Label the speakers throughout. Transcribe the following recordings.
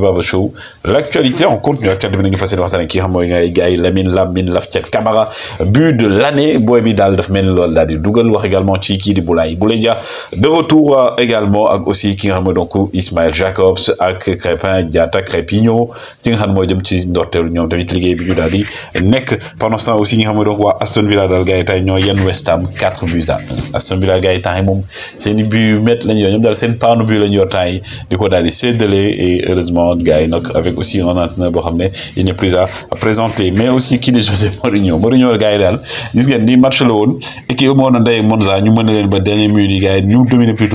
Speaker 1: Baba Show l'actualité en contenu actuel de nañu fas yéene waxtaan ak ki xam mooy ngay gars yi Lamine Lamine Laftiette Camara but de l'année booy bi daal dafa mel ni loolu daal di dugal wax également ci kii di Boulaye Boulaye Dia de retour euh, également ak aussi ki nga xam donc Ismaël Jacobs ak Crépin Diatta Crépigno ki nga xam ne mooy jëm ci ndorteelu ñoom tamit liggéey bi ñu daal di nekk pendant ce temps aussi ñi nga xam ne donc waa Aston Villa daal gars yi tey yenn West Ham 4 buts à Aston Villa gars yi temps yi moom but yu métti la ñu yor ñoom but la ñu yor temps yi di ko daal di séddale et heureusement avec aussi un entraîneur pour plus à présenter mais aussi qui les José Mourinho Mourinho gars il y gis des matchs match la et équipe est na Monza ñu leen dernier minute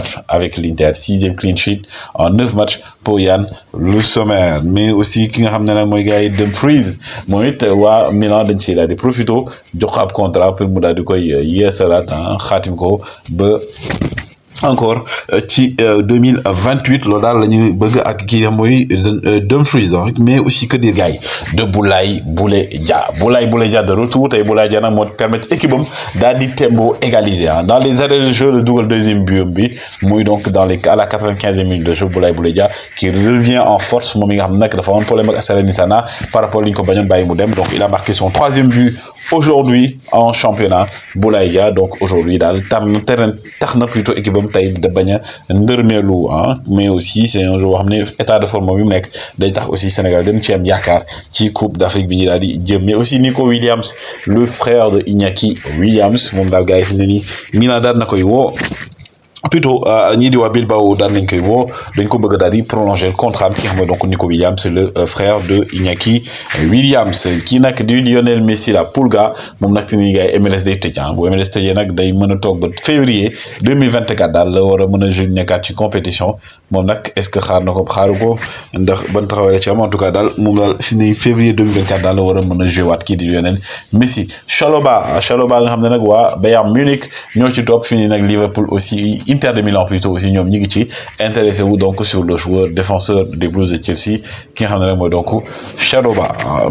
Speaker 1: avec l'Inter sixième clean sheet en neuf matchs pour Yann Le mais aussi ki a amené la moyenne de prise moi Dumfries Moi, it waa Milan de ci des profits profito jox contrat pour mu daal di koy khatim euh, ah, ko encore euh, ci 2028 lo dal la bëgg ak euh, Dumfries hein, mais aussi que dire gars de Boulay Boulaye Dia Boulay Dia de retour tey Boulay Dia nag mo permettre équipe am di tembo égaliser hein. dans les arrêts de jeu le double deuxième but bi donc dans les à la 95e minute de jeu Boulay Bouledja Dia qui revient en force moom mi nga xam nak dafa problème ak Serenitana par rapport à ko bañon mu dem donc il a marqué son troisième but aujourd'hui en championnat bu donc aujourd'hui dans le terrain tax plutôt équipe am tey de bañ a hein. mais aussi c'est un jour boo état de forme bi mu day tax aussi Sénégal dem ci am yakar ci Coupe d'Afrique bi ni daal di jëm mais aussi Nico Williams le frère de Iñaki Williams moom daal gars yi ni ne nii Milan daal na plutôt euh, ñii di Bilbao dans nañ koy woo dañ prolonger le contrat am est donc Nico Williams le euh, frère de Iñaki Williams qui que di Lionel Messi la Pulga mon nag fi mu MLS des tétiens ah MLS tëjee n'a day des a février 2024 dans le quatre daal la compétition mon nag est ce que xaar na ko xaaru bon ndax ban en tout cas dans moom daal fini février 2024 dans le quatre daal la dit Lionel Messi chaloba chaloba nga xam ne Bayern Munich ñoo ci top fini Liverpool aussi de Milan plutôt aussi ñom ñi ngi ci intéressé vous donc sur le joueur défenseur des Blues de Chelsea qui a donc euh,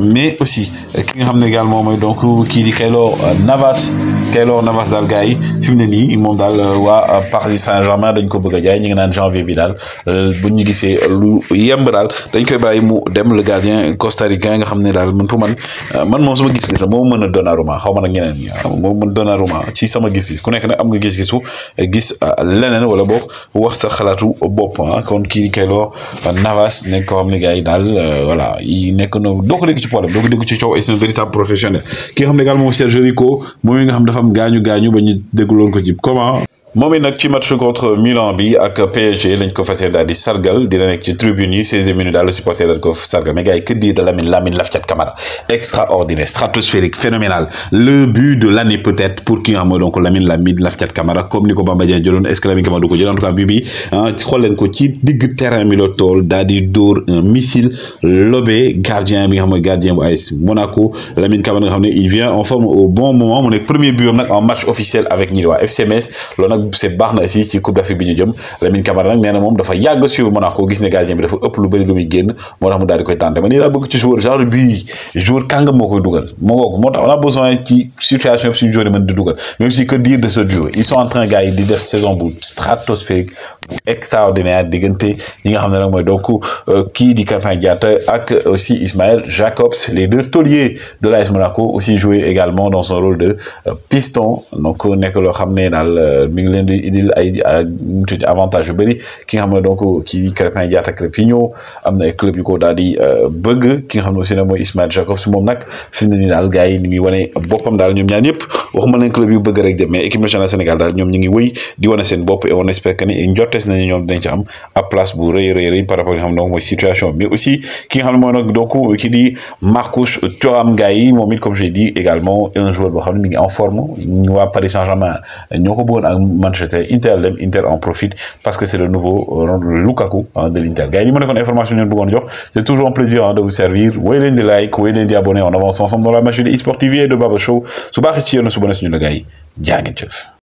Speaker 1: mais aussi qui euh, également donc qui euh, di Navas teeloon na mas daal gars yi fi mu ne nii moom daal euh, waa euh, Paris Saint-Germain dañ ko bëgg a jaay ñu ngi naan janvier bi daal euh, bu ñu gisee lu yemb daal dañ koy bàyyi mu dem le gardien costaricain nga xam ne daal man sama gis-gis a ma nag ñeneen ñi moo mën Donnarumma ci sama gis-gis ku nekk nag am nga gis-gisu gis leneen wala boog wax sa xalaatu bopp ah kon kii Keylor Navas nekk xam ne gars daal voilà yi nekk na doo ko dégg ci problème doo ko dégg ci coow et c'est un véritable professionnel ki nga xam ne daal moom Serge Rico moom nga xam dafa xam gaañu gaañu ba ñu dégluwoon ko ci comment moom nak ci match contre Milan bi ak PSG lañ ko fassé dal di sargal dina nek ci tribune yi 16 minutes daal di supporter dañ ko sargal mais gars yi que dire de Lamine Lamine Laftiat Camara extraordinaire stratosphérique phénoménal le but de l'année peut-être pour qui nga donc Lamine Lamine Laftiat Camara comme ni ko Bamba Dieng jëloon est-ce que Lamine Camara du jël en tout cas bi bi hein, xol len ko ci dig terrain bi lo tol dal di dóor un missile lobé gardien bi nga xam gardien bu AS Monaco Lamine Camara nga xamné il vient en forme au bon moment Mon premier but nak en match officiel avec ñi di FC Metz c'est c' ici ci coupe d' afrique bi ñu jëm Lamine Camara nak néna mom dafa yàgg sur Monaco gis né gardien bi dafa ëpp lu bari lu muy génn mo tax mu daal di koy tenté man nii bëgg ci joueur genre bi joueur kàngam moo koy tax on a besoin ci situation ci joueur yi mën di même si que dire de ce duo ils sont en train gars yi di def saison bu stratosphérique bu extraordinaire diggante ñi nga xam ne donc euh, ki di Krépin diata ak aussi Ismaël Jacobs les deux tauliers de l'AS Monaco aussi joué également dans son rôle de euh, piston donc euh, nek que le ramener dans le milieu leen di indil ay tuuti avantage yu bëri ki nga xam ne donc kii Crépin Diatta Crépigno am na club yu ko daal di euh, bëgg ki nga xam ne aussi nag mooy Ismail Jakobs moom nag fi mu ne nii daal gars yi ni muy wane boppam daal ñoom ñaar ñëpp waxuma leen club yu bëgg rek dem mais équipe nationale Sénégal daal ñoom ñu ngi wëy di wane seen bopp et on espère que ni njortees nañu ñoom dinañ ci am ab place bu rëy rëy rëy par rapport nga xam ne donc mooy situation mais aussi ki nga xam ne mooy nag donc ki di Marcus Thuram Gaye moom it comme j'ai dit également un joueur boo xam ne mi ngi en forme ñu waa Paris Saint-Germain ñoo ko bëggoon ak Manchester Inter, dem Inter en profite parce que c'est le nouveau euh, Lukaku hein, de l'Inter. gars information c'est toujours un plaisir hein, de vous servir woy de like woy leen di on avance ensemble dans la machine e-sportive de Baba Show Souba baaxee si yéen a